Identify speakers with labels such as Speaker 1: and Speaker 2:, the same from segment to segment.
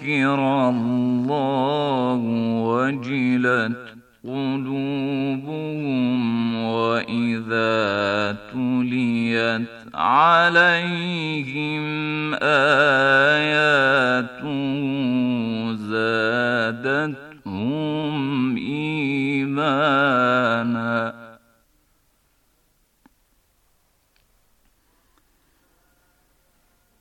Speaker 1: ذكر الله وجلت قلوبهم وإذا تليت عليهم آيات زادتهم إيمانا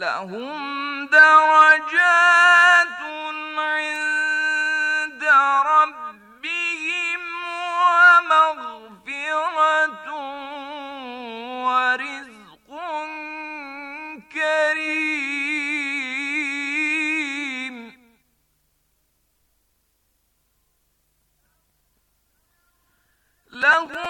Speaker 1: لهم درجات عند ربهم ومغفرة ورزق كريم لهم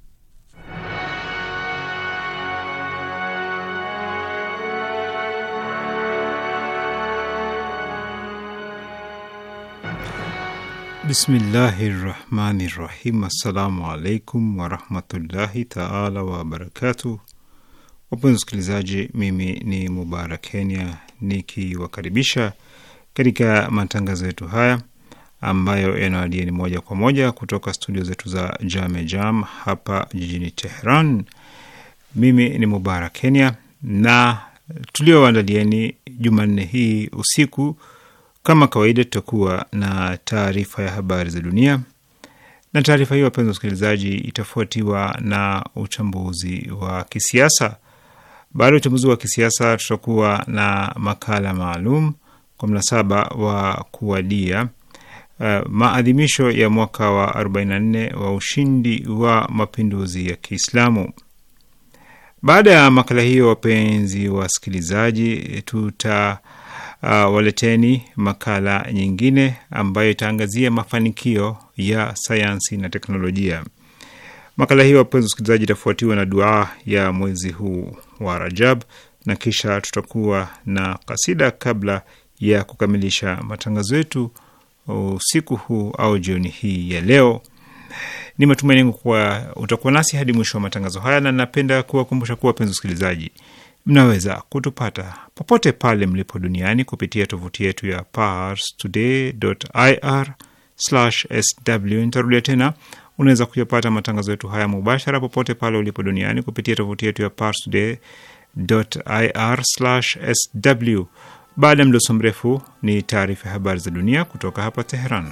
Speaker 2: Bismillahi rahmani rahim. Assalamu alaikum warahmatullahi taala wabarakatuh. Wapenzi wasikilizaji, mimi ni Mubarak Kenya nikiwakaribisha katika matangazo yetu haya ambayo ni moja kwa moja kutoka studio zetu za Jame Jam hapa jijini Tehran. Mimi ni Mubarak Kenya na tulioandalieni Jumanne hii usiku kama kawaida, tutakuwa na taarifa ya habari za dunia, na taarifa hiyo, wapenzi wasikilizaji, itafuatiwa na uchambuzi wa kisiasa. Baada ya uchambuzi wa kisiasa, tutakuwa na makala maalum kwa mnasaba wa kuwadia Uh, maadhimisho ya mwaka wa 44 wa ushindi wa mapinduzi ya Kiislamu. Baada ya makala hiyo, wapenzi wasikilizaji, tuta uh, waleteni makala nyingine ambayo itaangazia mafanikio ya sayansi na teknolojia. Makala hiyo, wapenzi wasikilizaji, itafuatiwa na duaa ya mwezi huu wa Rajab na kisha tutakuwa na kasida kabla ya kukamilisha matangazo yetu usiku huu au jioni hii ya leo. Ni matumaini yangu kuwa utakuwa nasi hadi mwisho wa matangazo haya, na napenda kuwakumbusha kuwa, wapenzi wasikilizaji, Mnaweza kutupata popote pale mlipo duniani kupitia tovuti yetu ya parstoday.ir/sw. Nitarudia tena, unaweza kuyapata matangazo yetu haya mubashara popote pale ulipo duniani kupitia tovuti yetu ya parstoday.ir/sw. Baada ya mdoso mrefu ni taarifa ya habari za dunia kutoka hapa Teheran.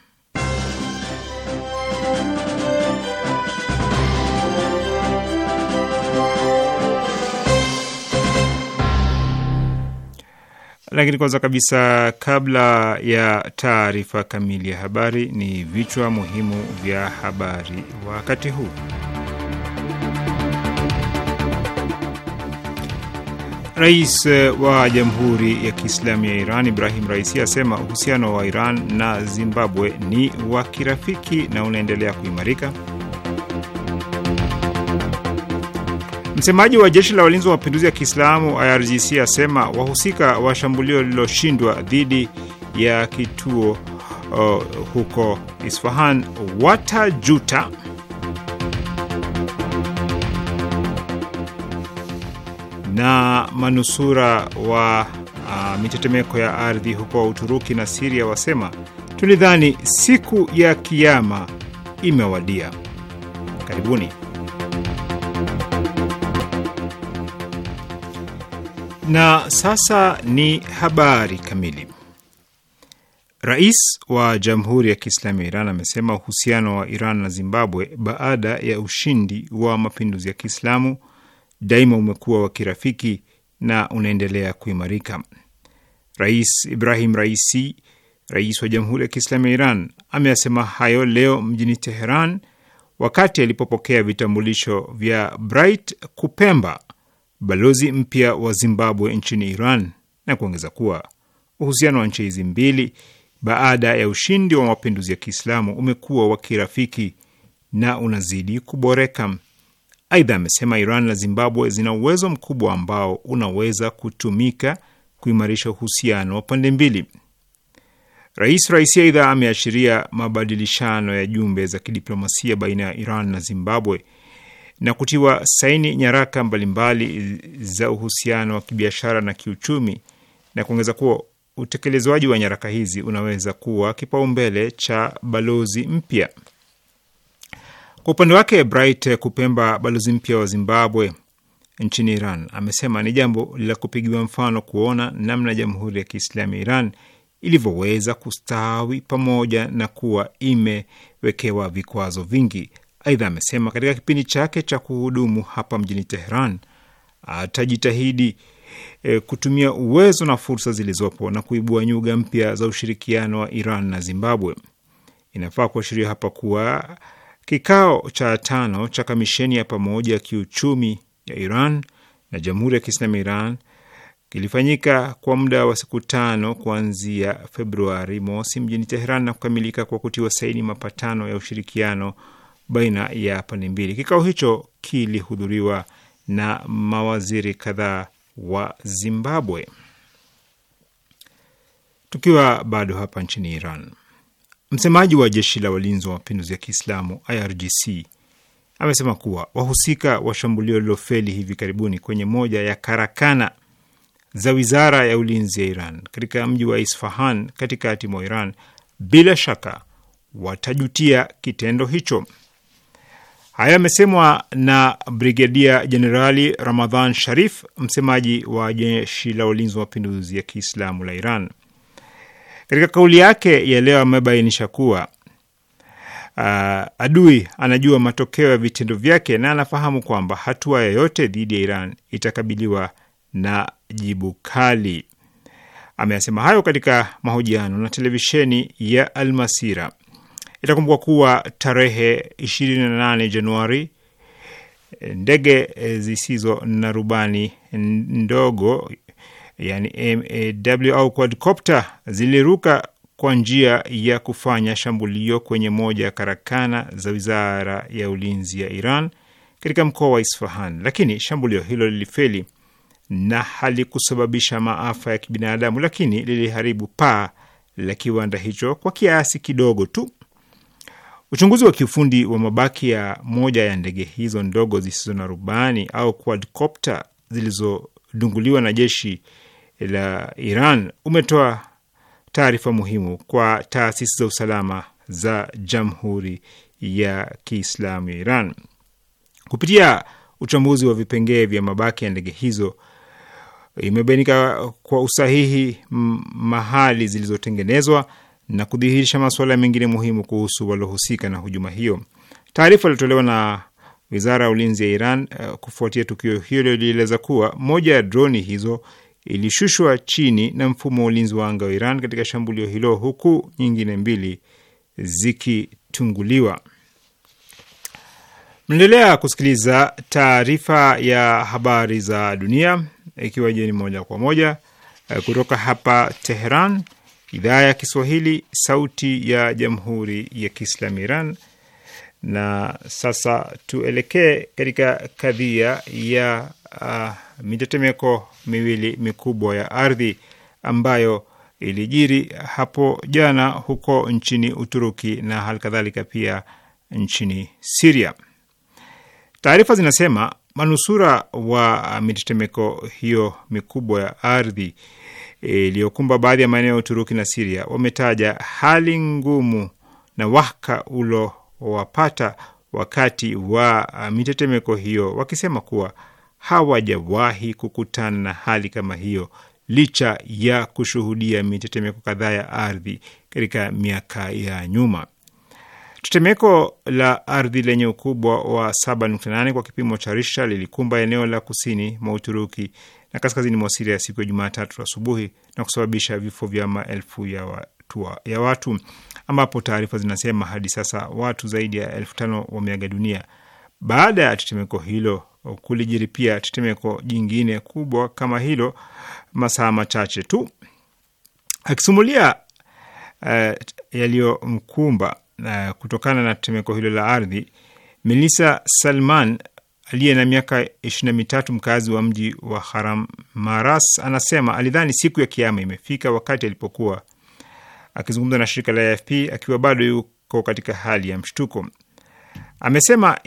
Speaker 2: Lakini kwanza kabisa, kabla ya taarifa kamili ya habari, ni vichwa muhimu vya habari wakati huu. Rais wa Jamhuri ya Kiislamu ya Iran Ibrahim Raisi asema uhusiano wa Iran na Zimbabwe ni wa kirafiki na unaendelea kuimarika. Msemaji wa jeshi la walinzi wa mapinduzi ya Kiislamu IRGC asema wahusika wa shambulio lililoshindwa dhidi ya kituo uh, huko Isfahan watajuta. Na manusura wa uh, mitetemeko ya ardhi huko Uturuki na Siria wasema tulidhani siku ya Kiama imewadia. Karibuni. Na sasa ni habari kamili. Rais wa Jamhuri ya Kiislamu ya Iran amesema uhusiano wa Iran na Zimbabwe baada ya ushindi wa mapinduzi ya Kiislamu daima umekuwa wa kirafiki na unaendelea kuimarika. Rais Ibrahim Raisi, rais wa Jamhuri ya Kiislamu ya Iran, ameyasema hayo leo mjini Teheran wakati alipopokea vitambulisho vya Bright Kupemba balozi mpya wa Zimbabwe nchini Iran na kuongeza kuwa uhusiano wa nchi hizi mbili baada ya ushindi wa mapinduzi ya Kiislamu umekuwa wa kirafiki na unazidi kuboreka. Aidha, amesema Iran na Zimbabwe zina uwezo mkubwa ambao unaweza kutumika kuimarisha uhusiano wa pande mbili. Rais Raisi aidha ameashiria mabadilishano ya jumbe za kidiplomasia baina ya Iran na Zimbabwe na kutiwa saini nyaraka mbalimbali za uhusiano wa kibiashara na kiuchumi, na kuongeza kuwa utekelezwaji wa nyaraka hizi unaweza kuwa kipaumbele cha balozi mpya. Kwa upande wake, Bright Kupemba, balozi mpya wa Zimbabwe nchini Iran, amesema ni jambo la kupigiwa mfano kuona namna Jamhuri ya Kiislamu ya Iran ilivyoweza kustawi pamoja na kuwa imewekewa vikwazo vingi. Aidha amesema katika kipindi chake cha kuhudumu hapa mjini Teheran atajitahidi e, kutumia uwezo na fursa zilizopo na kuibua nyuga mpya za ushirikiano wa Iran na Zimbabwe. Inafaa kuashiria hapa kuwa kikao cha tano cha kamisheni ya pamoja ya kiuchumi ya Iran na Jamhuri ya Kiislamu Iran kilifanyika kwa muda wa siku tano kuanzia Februari mosi mjini Teheran na kukamilika kwa kutiwa saini mapatano ya ushirikiano baina ya pande mbili. Kikao hicho kilihudhuriwa na mawaziri kadhaa wa Zimbabwe. Tukiwa bado hapa nchini Iran, msemaji wa jeshi la walinzi wa mapinduzi ya Kiislamu IRGC amesema kuwa wahusika wa shambulio lilofeli hivi karibuni kwenye moja ya karakana za wizara ya ulinzi ya Iran katika mji wa Isfahan katikati mwa Iran bila shaka watajutia kitendo hicho. Haya yamesemwa na Brigedia Jenerali Ramadhan Sharif, msemaji wa jeshi la ulinzi wa mapinduzi ya Kiislamu la Iran. Katika kauli yake ya leo amebainisha kuwa uh, adui anajua matokeo ya vitendo vyake na anafahamu kwamba hatua yoyote dhidi ya Iran itakabiliwa na jibu kali. Ameyasema hayo katika mahojiano na televisheni ya Almasira. Itakumbuka kuwa tarehe 28 Januari ndege e, zisizo na rubani ndogo yani MAW au quadcopter ziliruka kwa njia ya kufanya shambulio kwenye moja ya karakana za wizara ya ulinzi ya Iran katika mkoa wa Isfahan, lakini shambulio hilo lilifeli na halikusababisha maafa ya kibinadamu, lakini liliharibu paa la kiwanda hicho kwa kiasi kidogo tu. Uchunguzi wa kiufundi wa mabaki ya moja ya ndege hizo ndogo zisizo na rubani au quadcopter zilizodunguliwa na jeshi la Iran umetoa taarifa muhimu kwa taasisi za usalama za Jamhuri ya Kiislamu ya Iran. Kupitia uchambuzi wa vipengee vya mabaki ya ndege hizo, imebainika kwa usahihi mahali zilizotengenezwa na kudhihirisha masuala mengine muhimu kuhusu waliohusika na hujuma hiyo. Taarifa iliotolewa na wizara ya ulinzi ya Iran uh, kufuatia tukio hilo lilieleza kuwa moja ya droni hizo ilishushwa chini na mfumo wa ulinzi wa anga wa Iran katika shambulio hilo, huku nyingine mbili zikitunguliwa. Mnaendelea kusikiliza taarifa ya habari za dunia, ikiwa jeni moja kwa moja eh, kutoka hapa Teheran, idhaa ya Kiswahili, sauti ya jamhuri ya kiislamu Iran. Na sasa tuelekee katika kadhia ya uh, mitetemeko miwili mikubwa ya ardhi ambayo ilijiri hapo jana huko nchini Uturuki na halikadhalika pia nchini Siria. Taarifa zinasema manusura wa mitetemeko hiyo mikubwa ya ardhi iliyokumba baadhi ya maeneo ya Uturuki na Siria wametaja hali ngumu na waka ulowapata wakati wa uh, mitetemeko hiyo, wakisema kuwa hawajawahi kukutana na hali kama hiyo licha ya kushuhudia mitetemeko kadhaa ya ardhi katika miaka ya nyuma. Tetemeko la ardhi lenye ukubwa wa 7.8 kwa kipimo cha Richter lilikumba eneo la kusini mwa Uturuki na kaskazini mwa Siria siku ya Jumatatu asubuhi na kusababisha vifo vya maelfu ya watu, ya watu ambapo taarifa zinasema hadi sasa watu zaidi ya elfu tano wameaga dunia baada ya tetemeko hilo. Kulijiri pia tetemeko jingine kubwa kama hilo masaa machache tu. Akisimulia uh, yaliyomkumba uh, kutokana na tetemeko hilo la ardhi, Melissa Salman aliye na miaka ishirini na mitatu mkazi wa mji wa Haramaras anasema alidhani siku ya kiama imefika wakati alipokuwa akizungumza na shirika la AFP akiwa bado yuko katika hali ya mshtuko. Amesema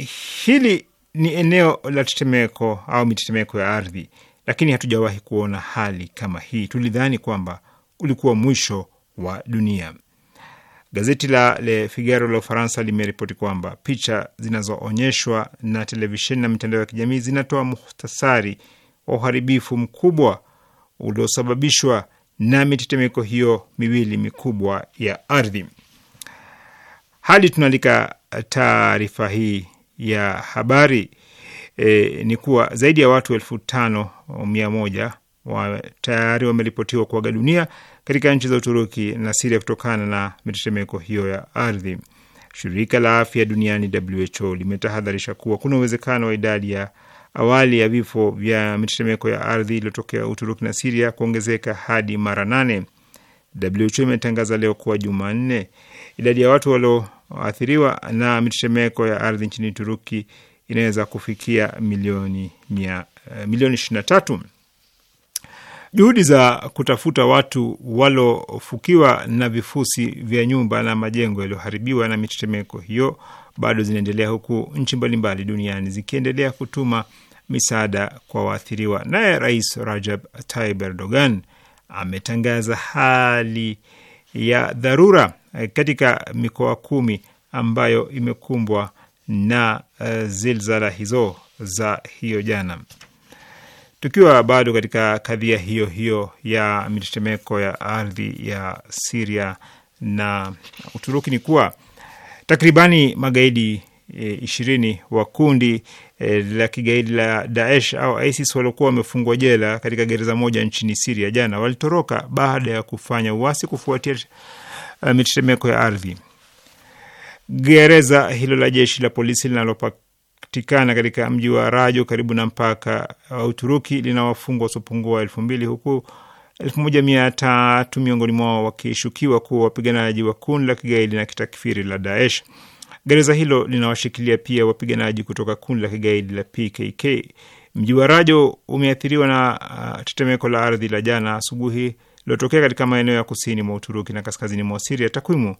Speaker 2: hili ni eneo la tetemeko au mitetemeko ya ardhi, lakini hatujawahi kuona hali kama hii. Tulidhani kwamba ulikuwa mwisho wa dunia. Gazeti la Le Figaro la Ufaransa limeripoti kwamba picha zinazoonyeshwa na televisheni na mitandao ya kijamii zinatoa muhtasari wa uharibifu mkubwa uliosababishwa na mitetemeko hiyo miwili mikubwa ya ardhi. Hadi tunaandika taarifa hii ya habari e, ni kuwa zaidi ya watu elfu tano mia moja wa tayari wameripotiwa kuaga dunia katika nchi za Uturuki na Siria kutokana na mitetemeko hiyo ya ardhi. Shirika la afya duniani WHO limetahadharisha kuwa kuna uwezekano wa idadi ya awali ya vifo vya mitetemeko ya ardhi iliyotokea Uturuki na Siria kuongezeka hadi mara nane. WHO imetangaza leo kuwa Jumanne idadi ya watu walioathiriwa na mitetemeko ya ardhi nchini Uturuki inaweza kufikia milioni mia, eh, milioni tatu. Juhudi za kutafuta watu walofukiwa na vifusi vya nyumba na majengo yaliyoharibiwa na mitetemeko hiyo bado zinaendelea huku nchi mbalimbali duniani zikiendelea kutuma misaada kwa waathiriwa. Naye Rais Rajab Tayyip Erdogan ametangaza hali ya dharura katika mikoa kumi ambayo imekumbwa na eh, zilzala hizo za hiyo jana. Tukiwa bado katika kadhia hiyo hiyo ya mitetemeko ya ardhi ya Siria na Uturuki ni kuwa takribani magaidi e, ishirini wa kundi e, la kigaidi la Daesh au ISIS waliokuwa wamefungwa jela katika gereza moja nchini Siria jana walitoroka baada ya kufanya uasi kufuatia e, mitetemeko ya ardhi. Gereza hilo la jeshi la polisi linalopaka linapatikana katika mji wa Rajo karibu na mpaka wa Uturuki, lina wafungwa wasiopungua elfu mbili huku elfu moja mia tatu miongoni mwao wakishukiwa kuwa wapiganaji wa kundi la kigaidi na kitakfiri la Daesh. Gereza hilo linawashikilia pia wapiganaji kutoka kundi la kigaidi la PKK. Mji wa Rajo umeathiriwa na uh, tetemeko la ardhi la jana asubuhi lilotokea katika maeneo ya kusini mwa Uturuki na kaskazini mwa Siria. Takwimu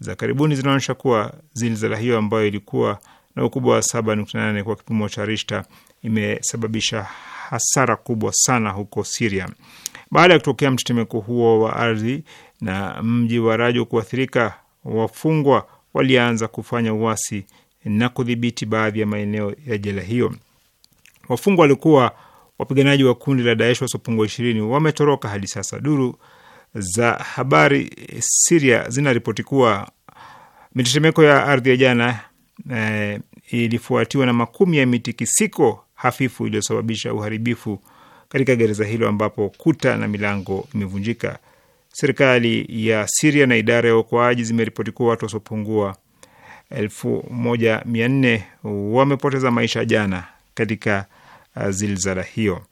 Speaker 2: za karibuni zinaonyesha kuwa zilzala hiyo ambayo ilikuwa na ukubwa wa 7.8 kwa kipimo cha Richter imesababisha hasara kubwa sana huko Siria. Baada ya kutokea mtetemeko huo wa ardhi na mji wa Rajo kuathirika, wafungwa walianza kufanya uasi na kudhibiti baadhi ya maeneo ya jela hiyo. Wafungwa walikuwa wapiganaji wa kundi la Daesh wasiopungua ishirini wametoroka hadi sasa. Duru za habari Siria zinaripoti kuwa mitetemeko ya ardhi ya jana eh, ilifuatiwa na makumi ya mitikisiko hafifu iliyosababisha uharibifu katika gereza hilo ambapo kuta na milango imevunjika. Serikali ya Siria na idara ya uokoaji zimeripoti kuwa watu wasiopungua elfu moja mia nne wamepoteza maisha jana katika uh, zilzala hiyo.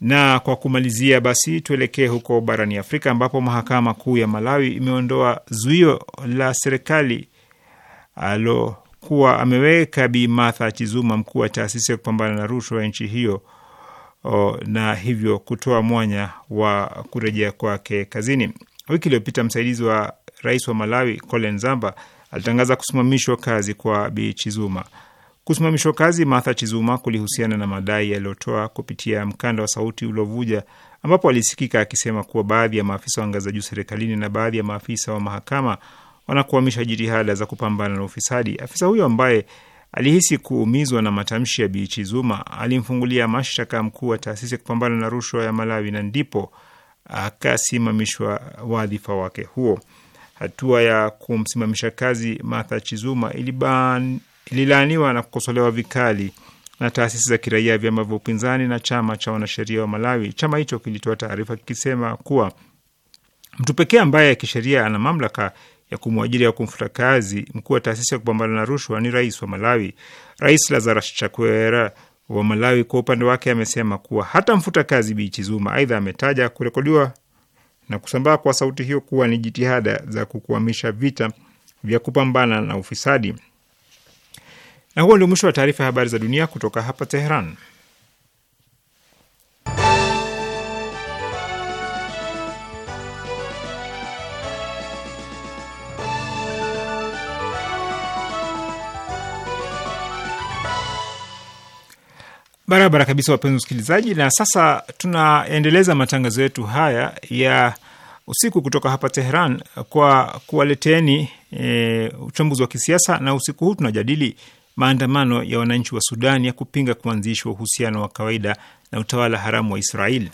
Speaker 2: Na kwa kumalizia, basi tuelekee huko barani Afrika ambapo mahakama kuu ya Malawi imeondoa zuio la serikali alokuwa ameweka Bi Martha Chizuma, mkuu wa taasisi ya kupambana na rushwa ya nchi hiyo o, na hivyo kutoa mwanya wa kurejea kwake kazini. Wiki iliyopita msaidizi wa rais wa Malawi Colin Zamba alitangaza kusimamishwa kazi kwa Bi Chizuma. Kusimamishwa kazi Martha Chizuma kulihusiana na madai yaliyotoa kupitia mkanda wa sauti uliovuja, ambapo alisikika akisema kuwa baadhi ya maafisa wa ngazi za juu serikalini na baadhi ya maafisa wa mahakama wanakuamisha jitihada za kupambana na ufisadi. Afisa huyo ambaye alihisi kuumizwa na matamshi ya Zuma alimfungulia mashtaka mkuu wa taasisi ya kupambana na rushwa ya Malawi na ndipo akasimamishwa wadhifa wake huo. Hatua ya kumsimamisha kazi Martha Chizuma ililaaniwa na kukosolewa vikali na taasisi za kiraia, vyama vya upinzani na chama cha wanasheria wa Malawi. Chama hicho kilitoa taarifa kikisema kuwa mtu pekee ambaye kisheria ana mamlaka ya kumwajiri au kumfuta kazi mkuu wa taasisi ya kupambana na rushwa ni rais wa Malawi. Rais Lazarus Chakwera wa Malawi kwa upande wake amesema kuwa hata mfuta kazi Bichi zuma Aidha, ametaja kurekodiwa na kusambaa kwa sauti hiyo kuwa ni jitihada za kukwamisha vita vya kupambana na ufisadi. Na huo ndio mwisho wa taarifa ya habari za dunia kutoka hapa Teheran. Barabara kabisa, wapenzi wasikilizaji, na sasa tunaendeleza matangazo yetu haya ya usiku kutoka hapa Tehran kwa kuwaleteni e, uchambuzi wa kisiasa, na usiku huu tunajadili maandamano ya wananchi wa Sudan ya kupinga kuanzishwa uhusiano wa kawaida na utawala haramu wa Israeli.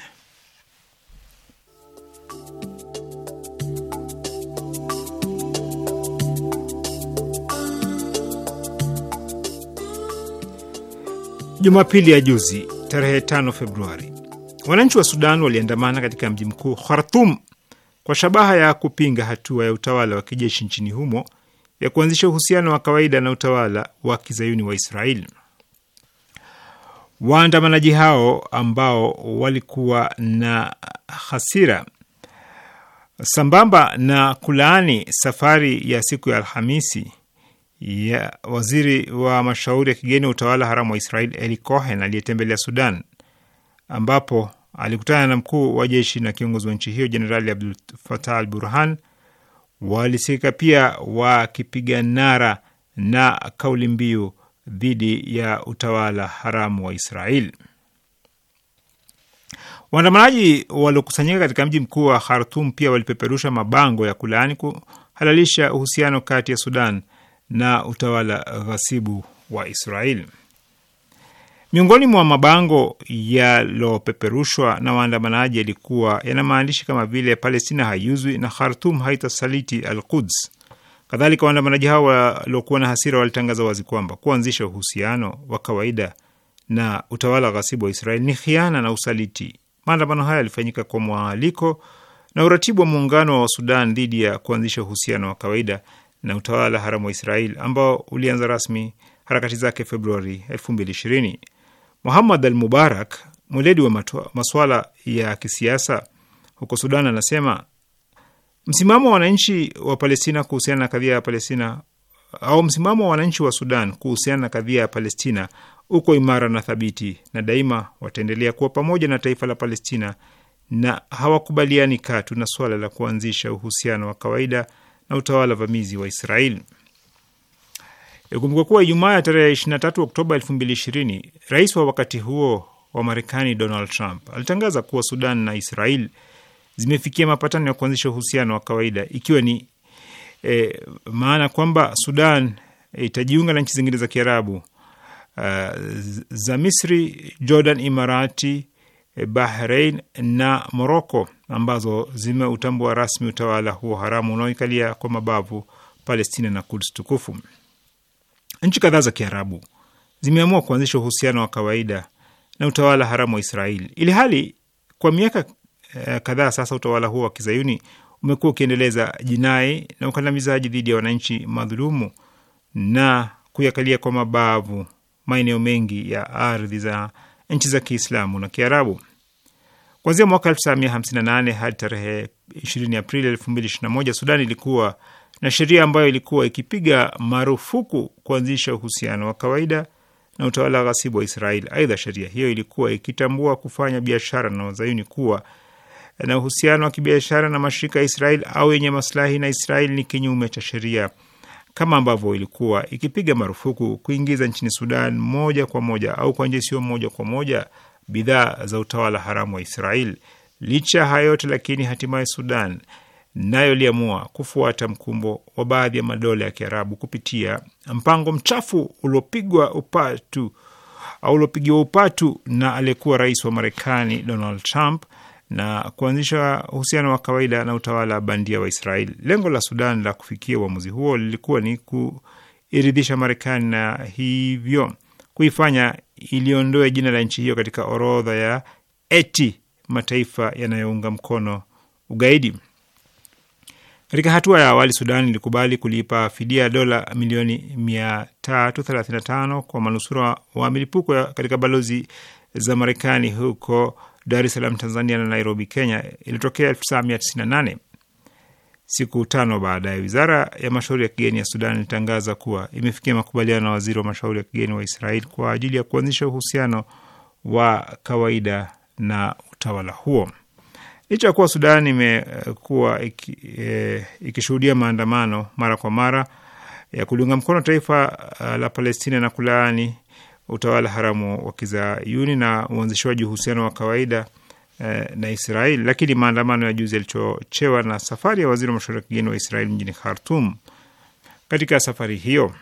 Speaker 2: Jumapili ya juzi tarehe 5 Februari, wananchi wa Sudan waliandamana katika mji mkuu Khartum kwa shabaha ya kupinga hatua ya utawala wa kijeshi nchini humo ya kuanzisha uhusiano wa kawaida na utawala wa kizayuni wa Israeli. Waandamanaji hao ambao walikuwa na hasira sambamba na kulaani safari ya siku ya Alhamisi ya waziri wa mashauri ya kigeni wa utawala haramu wa Israel Eli Cohen aliyetembelea Sudan, ambapo alikutana na mkuu wa jeshi na kiongozi wa nchi hiyo Jenerali Abdul Fatah al Burhan. Walisikika pia wakipiga nara na kauli mbiu dhidi ya utawala haramu wa Israel. Waandamanaji waliokusanyika katika mji mkuu wa Khartum pia walipeperusha mabango ya kulaani kuhalalisha uhusiano kati ya Sudan na utawala ghasibu wa Israeli. Miongoni mwa mabango yalopeperushwa na waandamanaji yalikuwa yana maandishi kama vile Palestina haiuzwi na Khartum haitasaliti al Quds. Kadhalika, waandamanaji hao waliokuwa na hasira walitangaza wazi kwamba kuanzisha uhusiano wa kawaida na utawala ghasibu wa Israeli ni khiana na usaliti. Maandamano haya yalifanyika kwa mwaliko na uratibu wa muungano wa Sudan dhidi ya kuanzisha uhusiano wa kawaida na utawala haramu wa Israel ambao ulianza rasmi harakati zake Februari 2020. Muhammad al Mubarak, mweledi wa masuala ya kisiasa huko Sudan, anasema msimamo wa wananchi wa Palestina kuhusiana na kadhia ya Palestina au msimamo wa wananchi wa Sudan kuhusiana na kadhia ya Palestina uko imara na thabiti, na daima wataendelea kuwa pamoja na taifa la Palestina na hawakubaliani katu na suala la kuanzisha uhusiano wa kawaida na utawala vamizi wa Israel. Ikumbukwa kuwa Ijumaa ya tarehe 23 Oktoba 2020 rais wa wakati huo wa Marekani Donald Trump alitangaza kuwa Sudan na Israel zimefikia mapatano ya kuanzisha uhusiano wa kawaida, ikiwa ni e, maana kwamba Sudan itajiunga na nchi zingine za Kiarabu uh, za Misri, Jordan, Imarati, e, Bahrain na Morocco ambazo zimeutambua rasmi utawala huo haramu unaoikalia kwa mabavu Palestina na Kuds tukufu. Nchi kadhaa za Kiarabu zimeamua kuanzisha uhusiano wa kawaida na utawala haramu wa Israeli, ili hali kwa miaka eh, kadhaa sasa utawala huo wa kizayuni umekuwa ukiendeleza jinai na ukandamizaji dhidi ya wananchi madhulumu na kuyakalia kwa mabavu maeneo mengi ya ardhi za nchi za Kiislamu na Kiarabu. Kuanzia mwaka 1958 hadi tarehe 20 Aprili 2021, Sudan ilikuwa na sheria ambayo ilikuwa ikipiga marufuku kuanzisha uhusiano wa kawaida na utawala ghasibu wa israel Aidha, sheria hiyo ilikuwa ikitambua kufanya biashara na wazayuni kuwa na uhusiano wa kibiashara na mashirika ya Israel au yenye maslahi na israel ni kinyume cha sheria, kama ambavyo ilikuwa ikipiga marufuku kuingiza nchini Sudan moja kwa moja au kwa njia isiyo moja kwa moja bidhaa za utawala haramu wa Israel. Licha ya haya yote lakini, hatimaye Sudan nayo iliamua kufuata mkumbo wa baadhi ya madola ya Kiarabu kupitia mpango mchafu uliopigwa upatu au uliopigiwa upatu na aliyekuwa rais wa Marekani Donald Trump na kuanzisha uhusiano wa kawaida na utawala bandia wa Israeli. Lengo la Sudan la kufikia uamuzi huo lilikuwa ni kuiridhisha Marekani na hivyo kuifanya iliondoe jina la nchi hiyo katika orodha ya eti mataifa yanayounga mkono ugaidi. Katika hatua ya awali, Sudan ilikubali kulipa fidia dola milioni 335 kwa manusura wa milipuko katika balozi za Marekani huko Dar es Salaam, Tanzania na Nairobi, Kenya ilitokea 1998. Siku tano baadaye, wizara ya mashauri ya kigeni ya Sudan ilitangaza kuwa imefikia makubaliano na waziri wa mashauri ya kigeni wa Israel kwa ajili ya kuanzisha uhusiano wa kawaida na utawala huo. Licha ya kuwa Sudan imekuwa iki, e, ikishuhudia maandamano mara kwa mara ya kuliunga mkono taifa eh, la Palestina na kulaani utawala haramu wa kizayuni na uanzishwaji uhusiano wa kawaida Eh, na Israeli, lakini maandamano ya juzi yalichochewa na safari ya waziri wa mashauri ya kigeni wa Israeli mjini Khartum. Katika safari hiyo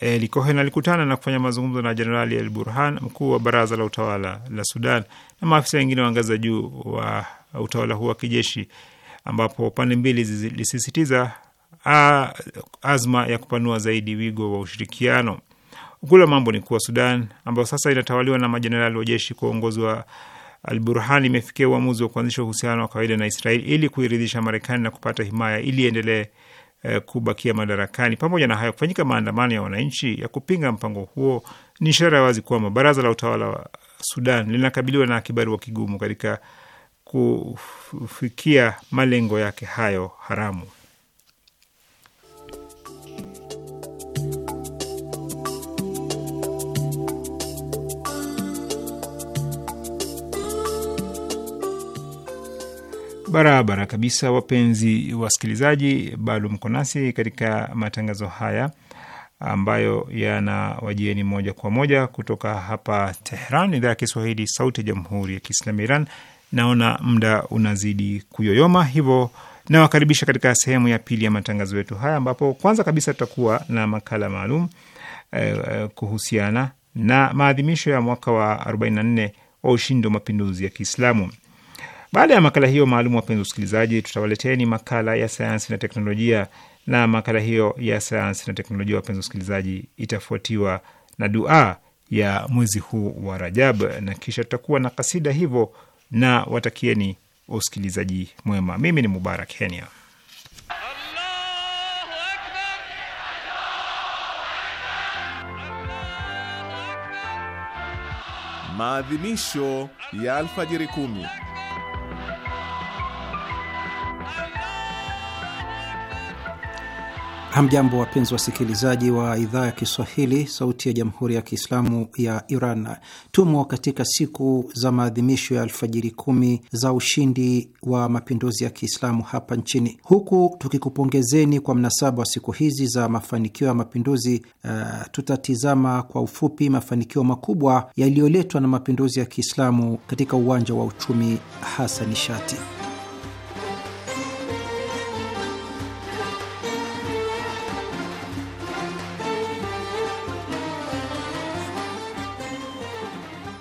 Speaker 2: Eli eh, Cohen alikutana na kufanya mazungumzo na Jenerali El Burhan, mkuu wa baraza la utawala la Sudan, na maafisa wengine wa ngazi za juu wa utawala huo wa kijeshi, ambapo pande mbili zilisisitiza azma ya kupanua zaidi wigo wa ushirikiano. Ukweli wa mambo ni kuwa Sudan ambayo sasa inatawaliwa na majenerali wa jeshi kwa uongozi wa Al Burhan imefikia uamuzi wa kuanzisha uhusiano wa kawaida na Israel ili kuiridhisha Marekani na kupata himaya ili iendelee eh, kubakia madarakani. Pamoja na hayo, kufanyika maandamano ya wananchi ya kupinga mpango huo ni ishara ya wazi kwamba baraza la utawala wa Sudan linakabiliwa na kibarua kigumu katika kufikia malengo yake hayo haramu. barabara kabisa, wapenzi wasikilizaji, bado mko nasi katika matangazo haya ambayo yanawajieni moja kwa moja kutoka hapa Tehran, idhaa ya Kiswahili, sauti ya jamhuri ya kiislamu Iran. Naona muda unazidi kuyoyoma, hivyo nawakaribisha katika sehemu ya pili ya matangazo yetu haya, ambapo kwanza kabisa tutakuwa na makala maalum eh, eh kuhusiana na maadhimisho ya mwaka wa 44 wa ushindi wa mapinduzi ya Kiislamu. Baada ya makala hiyo maalum, wapenzi usikilizaji, tutawaleteni makala ya sayansi na teknolojia, na makala hiyo ya sayansi na teknolojia, wapenzi usikilizaji, itafuatiwa na dua ya mwezi huu wa Rajab na kisha tutakuwa na kasida. Hivyo na watakieni usikilizaji mwema. Mimi ni Mubarak Kenya.
Speaker 3: Maadhimisho ya alfajiri kumi.
Speaker 4: Hamjambo, wapenzi wasikilizaji wa idhaa ya Kiswahili, sauti ya jamhuri ya kiislamu ya Iran. Tumo katika siku za maadhimisho ya alfajiri kumi za ushindi wa mapinduzi ya kiislamu hapa nchini, huku tukikupongezeni kwa mnasaba wa siku hizi za mafanikio ya mapinduzi. Uh, tutatizama kwa ufupi mafanikio makubwa yaliyoletwa na mapinduzi ya kiislamu katika uwanja wa uchumi, hasa nishati.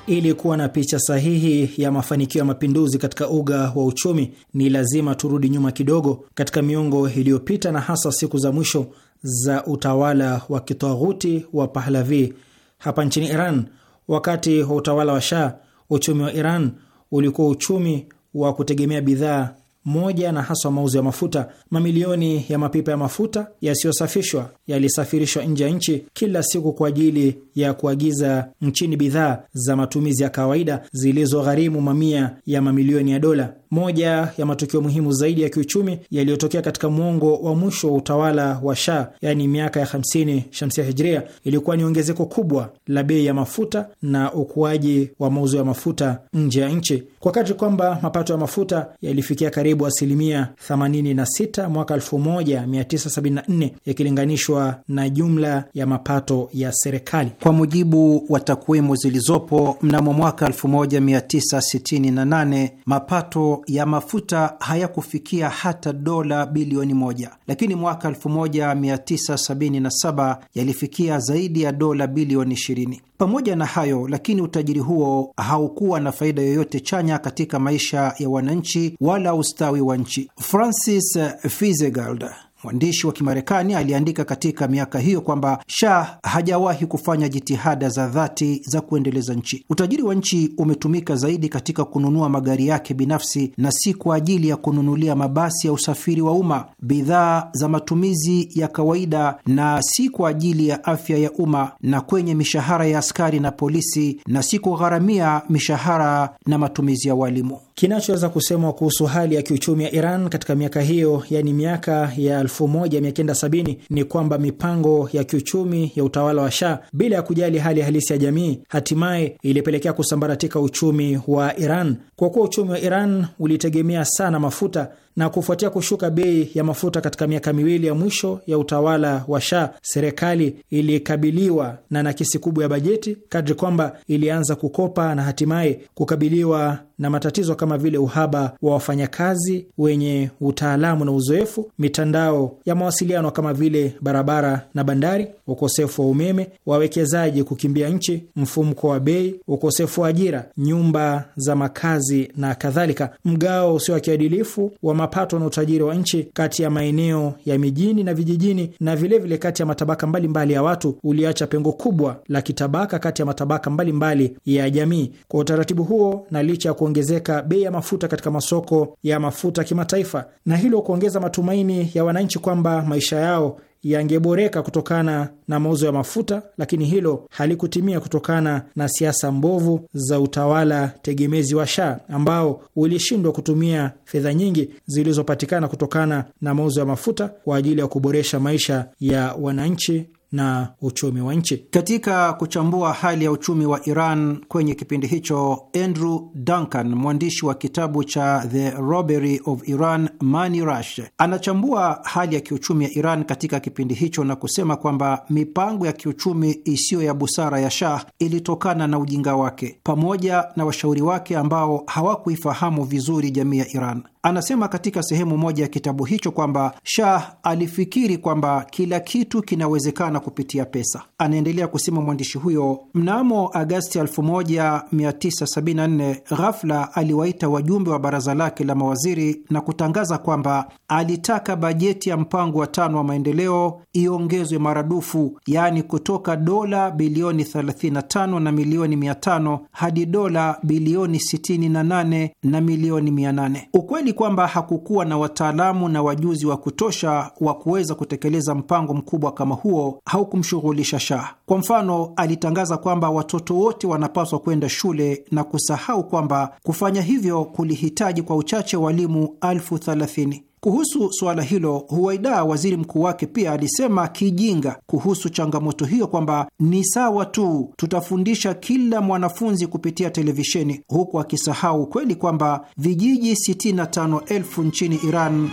Speaker 5: Ili kuwa na picha sahihi ya mafanikio ya mapinduzi katika uga wa uchumi, ni lazima turudi nyuma kidogo katika miongo iliyopita na hasa siku za mwisho za utawala wa kitwaghuti wa Pahlavi hapa nchini Iran. Wakati wa utawala wa Shah, uchumi wa Iran ulikuwa uchumi wa kutegemea bidhaa moja na haswa mauzo ya mafuta. Mamilioni ya mapipa ya mafuta yasiyosafishwa yalisafirishwa nje ya nchi kila siku kwa ajili ya kuagiza nchini bidhaa za matumizi ya kawaida zilizogharimu mamia ya mamilioni ya dola moja ya matukio muhimu zaidi ya kiuchumi yaliyotokea katika mwongo wa mwisho wa utawala wa Shah, yaani miaka ya 50 Shamsia Hijria, ilikuwa ni ongezeko kubwa la bei ya mafuta na ukuaji wa mauzo ya mafuta nje ya nchi, kwa kati kwamba mapato ya mafuta yalifikia karibu asilimia 86 mwaka 1974 yakilinganishwa na jumla ya mapato ya serikali.
Speaker 4: Kwa mujibu wa takwimu zilizopo, mnamo mwaka 1968 mapato ya mafuta hayakufikia hata dola bilioni moja, lakini mwaka 1977 yalifikia zaidi ya dola bilioni 20. Pamoja na hayo lakini, utajiri huo haukuwa na faida yoyote chanya katika maisha ya wananchi wala ustawi wa nchi. Francis Fitzgerald Mwandishi wa Kimarekani aliandika katika miaka hiyo kwamba Shah hajawahi kufanya jitihada za dhati za kuendeleza nchi. Utajiri wa nchi umetumika zaidi katika kununua magari yake binafsi na si kwa ajili ya kununulia mabasi ya usafiri wa umma, bidhaa za matumizi ya kawaida, na si kwa ajili ya afya ya umma, na kwenye
Speaker 5: mishahara ya askari na polisi, na si kugharamia mishahara na matumizi ya walimu. Kinachoweza kusemwa kuhusu hali ya kiuchumi ya Iran katika miaka hiyo, yani miaka ya 1970 ni kwamba mipango ya kiuchumi ya utawala wa Shah, bila ya kujali hali halisi ya jamii, hatimaye ilipelekea kusambaratika uchumi wa Iran. Kwa kuwa uchumi wa Iran ulitegemea sana mafuta na kufuatia kushuka bei ya mafuta katika miaka miwili ya mwisho ya utawala wa Shah, serikali ilikabiliwa na nakisi kubwa ya bajeti kadri kwamba ilianza kukopa na hatimaye kukabiliwa na matatizo kama vile uhaba wa wafanyakazi wenye utaalamu na uzoefu, mitandao ya mawasiliano kama vile barabara na bandari, ukosefu wa umeme, wawekezaji kukimbia nchi, mfumko wa bei, ukosefu wa ajira, nyumba za makazi na kadhalika, mgao usio wa kiadilifu wa mapato na utajiri wa nchi kati ya maeneo ya mijini na vijijini na vilevile vile kati ya matabaka mbalimbali mbali ya watu uliacha pengo kubwa la kitabaka kati ya matabaka mbalimbali mbali ya jamii. Kwa utaratibu huo, na licha ya kuongezeka bei ya mafuta katika masoko ya mafuta kimataifa, na hilo kuongeza matumaini ya wananchi kwamba maisha yao yangeboreka kutokana na mauzo ya mafuta, lakini hilo halikutimia kutokana na siasa mbovu za utawala tegemezi wa Shah ambao ulishindwa kutumia fedha nyingi zilizopatikana kutokana na mauzo ya mafuta kwa ajili ya kuboresha maisha ya wananchi na uchumi wa nchi.
Speaker 4: Katika kuchambua hali ya uchumi wa Iran kwenye kipindi hicho, Andrew Duncan, mwandishi wa kitabu cha The Robbery of Iran, Money Rush, anachambua hali ya kiuchumi ya Iran katika kipindi hicho na kusema kwamba mipango ya kiuchumi isiyo ya busara ya Shah ilitokana na ujinga wake pamoja na washauri wake ambao hawakuifahamu vizuri jamii ya Iran. Anasema katika sehemu moja ya kitabu hicho kwamba Shah alifikiri kwamba kila kitu kinawezekana kupitia pesa. Anaendelea kusema mwandishi huyo, mnamo Agasti 1974 ghafla aliwaita wajumbe wa baraza lake la mawaziri na kutangaza kwamba alitaka bajeti ya mpango wa tano wa maendeleo iongezwe maradufu, yaani kutoka dola bilioni 35 na milioni 500 hadi dola bilioni 68 na milioni 800. Ukweli Ukweli kwamba hakukuwa na wataalamu na wajuzi wa kutosha wa kuweza kutekeleza mpango mkubwa kama huo haukumshughulisha Shah. Kwa mfano, alitangaza kwamba watoto wote wanapaswa kwenda shule na kusahau kwamba kufanya hivyo kulihitaji kwa uchache walimu elfu thelathini. Kuhusu suala hilo, Huwaida waziri mkuu wake pia alisema kijinga kuhusu changamoto hiyo kwamba ni sawa tu, tutafundisha kila mwanafunzi kupitia televisheni, huku akisahau kweli kwamba vijiji 65,000 nchini Iran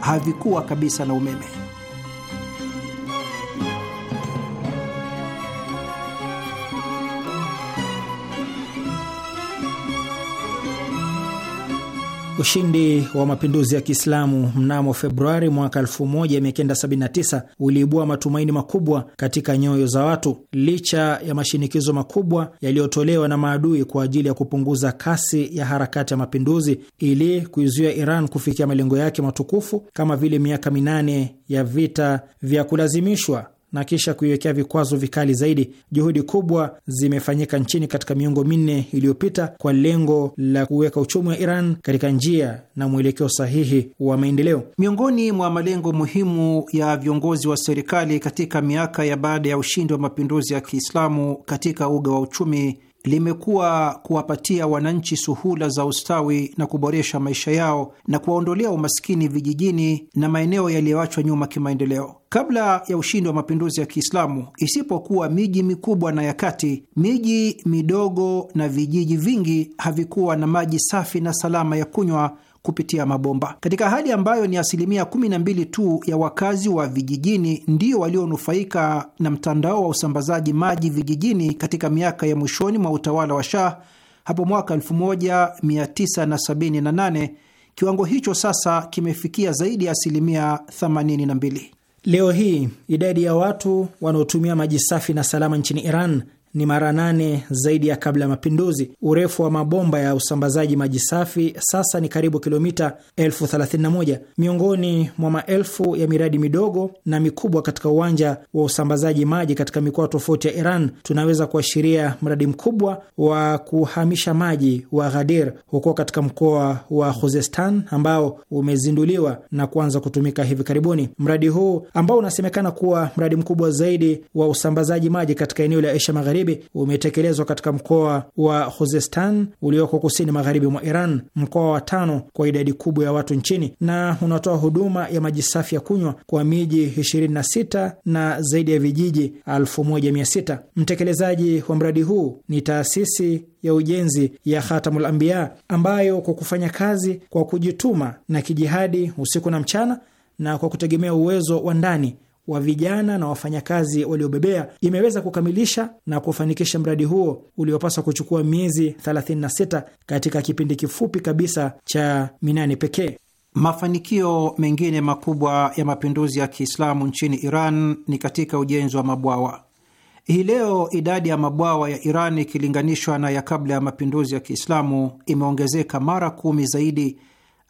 Speaker 4: havikuwa kabisa na umeme.
Speaker 5: Ushindi wa mapinduzi ya Kiislamu mnamo Februari mwaka 1979 uliibua matumaini makubwa katika nyoyo za watu, licha ya mashinikizo makubwa yaliyotolewa na maadui kwa ajili ya kupunguza kasi ya harakati ya mapinduzi ili kuizuia Iran kufikia malengo yake matukufu kama vile miaka minane ya vita vya kulazimishwa na kisha kuiwekea vikwazo vikali zaidi. Juhudi kubwa zimefanyika nchini katika miongo minne iliyopita kwa lengo la kuweka uchumi wa Iran katika njia na mwelekeo sahihi wa maendeleo. Miongoni mwa malengo muhimu
Speaker 4: ya viongozi wa serikali katika miaka ya baada ya ushindi wa mapinduzi ya Kiislamu katika uga wa uchumi limekuwa kuwapatia wananchi suhula za ustawi na kuboresha maisha yao na kuwaondolea umaskini vijijini na maeneo yaliyoachwa nyuma kimaendeleo. Kabla ya ushindi wa mapinduzi ya Kiislamu, isipokuwa miji mikubwa na ya kati, miji midogo na vijiji vingi havikuwa na maji safi na salama ya kunywa kupitia mabomba, katika hali ambayo ni asilimia 12 tu ya wakazi wa vijijini ndio walionufaika na mtandao wa usambazaji maji vijijini katika miaka ya mwishoni mwa utawala wa Shah hapo mwaka 1978. Kiwango hicho sasa kimefikia zaidi ya asilimia 82.
Speaker 5: Leo hii idadi ya watu wanaotumia maji safi na salama nchini Iran ni mara nane zaidi ya kabla ya mapinduzi. Urefu wa mabomba ya usambazaji maji safi sasa ni karibu kilomita elfu 31. Miongoni mwa maelfu ya miradi midogo na mikubwa katika uwanja wa usambazaji maji katika mikoa tofauti ya Iran, tunaweza kuashiria mradi mkubwa wa kuhamisha maji wa Ghadir huko katika mkoa wa Khuzestan ambao umezinduliwa na kuanza kutumika hivi karibuni. Mradi huu ambao unasemekana kuwa mradi mkubwa zaidi wa usambazaji maji katika eneo la Asia Magharibi Magharibi umetekelezwa katika mkoa wa Khuzestan ulioko kusini magharibi mwa Iran, mkoa wa tano kwa idadi kubwa ya watu nchini, na unatoa huduma ya maji safi ya kunywa kwa miji 26 na zaidi ya vijiji 1600. Mtekelezaji wa mradi huu ni taasisi ya ujenzi ya Khatamul Anbiya ambayo kwa kufanya kazi kwa kujituma na kijihadi usiku na mchana na kwa kutegemea uwezo wa ndani wa vijana na wafanyakazi waliobebea imeweza kukamilisha na kufanikisha mradi huo uliopaswa kuchukua miezi 36 katika kipindi kifupi kabisa
Speaker 4: cha minane pekee. Mafanikio mengine makubwa ya mapinduzi ya Kiislamu nchini Iran ni katika ujenzi wa mabwawa. Hii leo idadi ya mabwawa ya Iran ikilinganishwa na ya kabla ya mapinduzi ya Kiislamu imeongezeka mara kumi zaidi,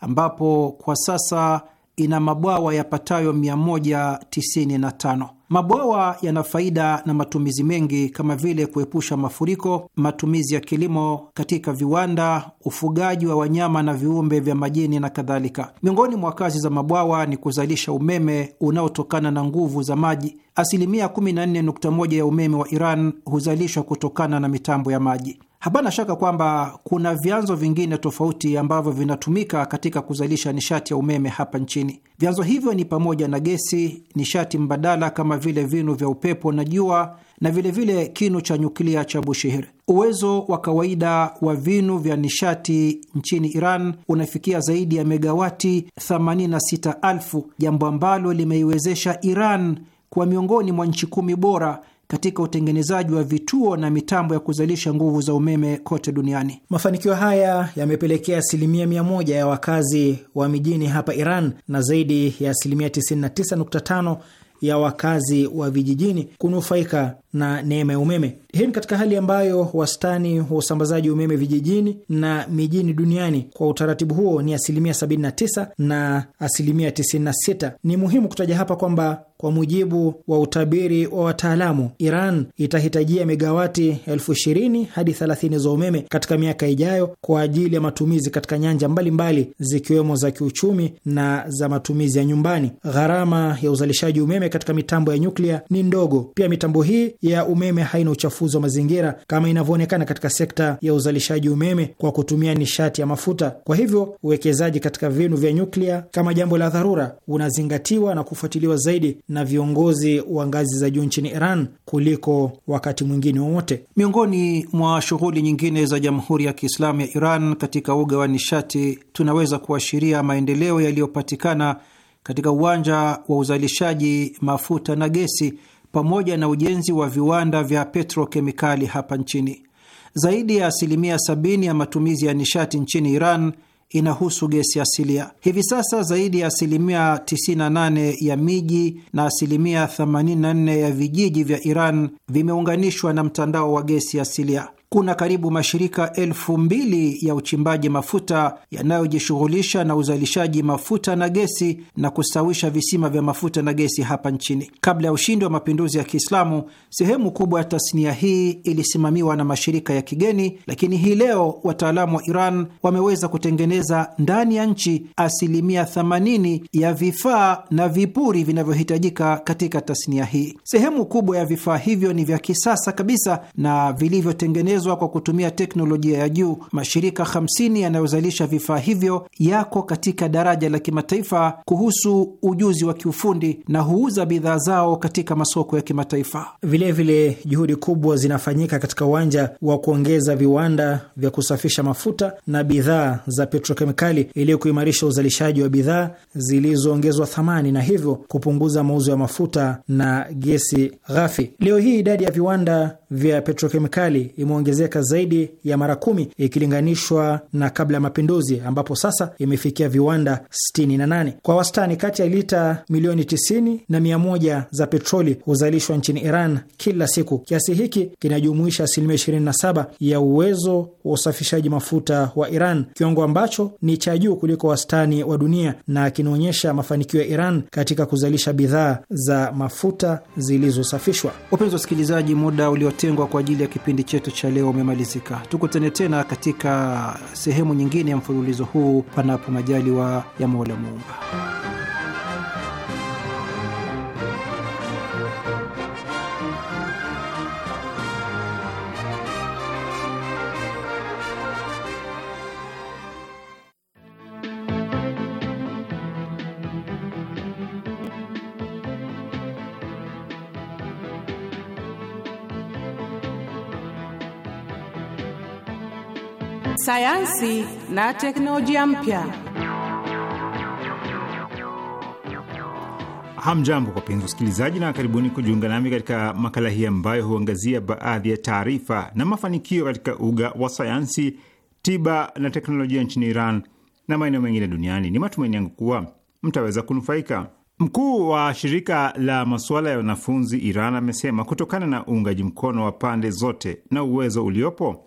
Speaker 4: ambapo kwa sasa ina mabwawa yapatayo 195. Mabwawa yana faida na matumizi mengi kama vile kuepusha mafuriko, matumizi ya kilimo katika viwanda, ufugaji wa wanyama na viumbe vya majini na kadhalika. Miongoni mwa kazi za mabwawa ni kuzalisha umeme unaotokana na nguvu za maji. Asilimia 14.1 ya umeme wa Iran huzalishwa kutokana na mitambo ya maji. Hapana shaka kwamba kuna vyanzo vingine tofauti ambavyo vinatumika katika kuzalisha nishati ya umeme hapa nchini. Vyanzo hivyo ni pamoja na gesi, nishati mbadala kama vile vinu vya upepo na jua, na vilevile vile kinu cha nyuklia cha Bushehr. Uwezo wa kawaida wa vinu vya nishati nchini Iran unafikia zaidi ya megawati 86,000, jambo ambalo limeiwezesha Iran kuwa miongoni mwa nchi kumi bora katika utengenezaji wa vituo
Speaker 5: na mitambo ya kuzalisha nguvu za umeme kote duniani. Mafanikio haya yamepelekea asilimia mia moja ya wakazi wa mijini hapa Iran na zaidi ya asilimia 99.5 ya wakazi wa vijijini kunufaika na neema ya umeme. Hii ni katika hali ambayo wastani wa usambazaji umeme vijijini na mijini duniani kwa utaratibu huo ni asilimia 79 na asilimia 96. Ni muhimu kutaja hapa kwamba kwa mujibu wa utabiri wa wataalamu, Iran itahitajia megawati elfu ishirini hadi 30 za umeme katika miaka ijayo kwa ajili ya matumizi katika nyanja mbalimbali mbali, zikiwemo za kiuchumi na za matumizi ya nyumbani. Gharama ya uzalishaji umeme katika mitambo ya nyuklia ni ndogo. Pia mitambo hii ya umeme haina uchafu uchafuzi wa mazingira kama inavyoonekana katika sekta ya uzalishaji umeme kwa kutumia nishati ya mafuta. Kwa hivyo uwekezaji katika vinu vya nyuklia kama jambo la dharura unazingatiwa na kufuatiliwa zaidi na viongozi wa ngazi za juu nchini Iran kuliko wakati mwingine wowote.
Speaker 4: Miongoni mwa shughuli nyingine za Jamhuri ya Kiislamu ya Iran katika uga wa nishati, tunaweza kuashiria maendeleo yaliyopatikana katika uwanja wa uzalishaji mafuta na gesi pamoja na ujenzi wa viwanda vya petrokemikali hapa nchini. Zaidi ya asilimia sabini ya matumizi ya nishati nchini Iran inahusu gesi asilia. Hivi sasa zaidi ya asilimia 98 ya miji na asilimia 84 ya vijiji vya Iran vimeunganishwa na mtandao wa gesi asilia kuna karibu mashirika elfu mbili ya uchimbaji mafuta yanayojishughulisha na uzalishaji mafuta na gesi na kustawisha visima vya mafuta na gesi hapa nchini. Kabla ya ushindi wa mapinduzi ya Kiislamu, sehemu kubwa ya tasnia hii ilisimamiwa na mashirika ya kigeni, lakini hii leo wataalamu wa Iran wameweza kutengeneza ndani ya nchi asilimia 80 ya vifaa na vipuri vinavyohitajika katika tasnia hii. Sehemu kubwa ya vifaa hivyo ni vya kisasa kabisa na vilivyotengenezwa kutengenezwa kwa kutumia teknolojia ya juu. Mashirika 50 yanayozalisha vifaa hivyo yako katika daraja la kimataifa kuhusu ujuzi wa kiufundi na
Speaker 5: huuza bidhaa zao katika masoko ya kimataifa. Vilevile, juhudi kubwa zinafanyika katika uwanja wa kuongeza viwanda vya kusafisha mafuta na bidhaa za petrokemikali ili kuimarisha uzalishaji wa bidhaa zilizoongezwa thamani na hivyo kupunguza mauzo ya mafuta na gesi ghafi. Leo hii idadi ya viwanda vya petrokemikali imeongezeka imeongezeka zaidi ya mara kumi ikilinganishwa na kabla ya mapinduzi, ambapo sasa imefikia viwanda 68. Kwa wastani kati ya lita milioni 90 na 100 za petroli huzalishwa nchini Iran kila siku. Kiasi hiki kinajumuisha asilimia 27 ya uwezo wa usafishaji mafuta wa Iran, kiwango ambacho ni cha juu kuliko wastani wa dunia na kinaonyesha mafanikio ya Iran katika kuzalisha bidhaa za mafuta zilizosafishwa.
Speaker 4: Wapenzi wasikilizaji, muda uliotengwa kwa ajili ya kipindi chetu cha leo umemalizika. Tukutane tena katika sehemu nyingine ya mfululizo huu, panapo majaliwa ya Mola Muumba.
Speaker 3: sayansi na teknolojia mpya.
Speaker 2: Hamjambo, wapenzi wasikilizaji, na karibuni kujiunga nami katika makala hii ambayo huangazia baadhi ya taarifa na mafanikio katika uga wa sayansi, tiba na teknolojia nchini Iran na maeneo mengine duniani. Ni matumaini yangu kuwa mtaweza kunufaika. Mkuu wa shirika la masuala ya wanafunzi Iran amesema kutokana na uungaji mkono wa pande zote na uwezo uliopo